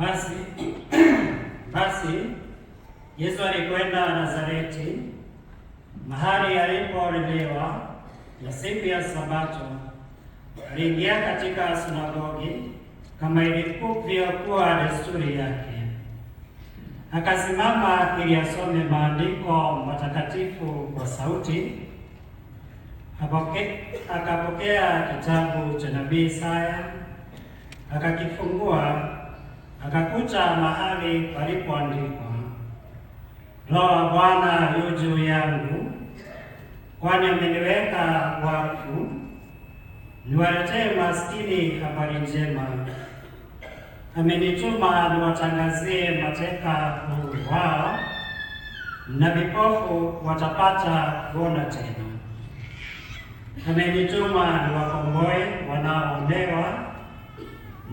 Basi basi Yesu alikwenda Nazareti, mahali alipolelewa, ya siku ya Sabato aliingia katika sinagogi, kama ilivyokuwa desturi yake, akasimama ili asome maandiko matakatifu kwa sauti. Apoke, akapokea kitabu cha nabii Isaya akakifungua akakuta mahali palipoandikwa, Roho wa Bwana yu juu yangu, kwani ameniweka wakfu niwaletee maskini habari njema, amenituma niwatangazie mateka uhuru wao, na vipofu watapata kuona tena, amenituma niwakomboe wanaoonewa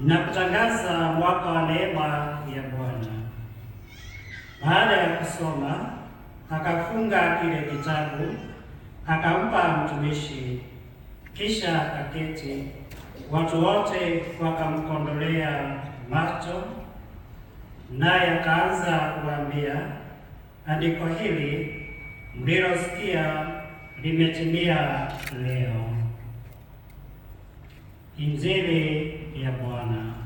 nakutangaza mwaka wa neema ya Bwana. Baada ya kusoma, akafunga kile kitabu, akampa mtumishi, kisha akaketi. Watu wote wakamkondolea macho, naye akaanza kuambia, andiko hili mlilosikia limetimia leo. in zeve e a buona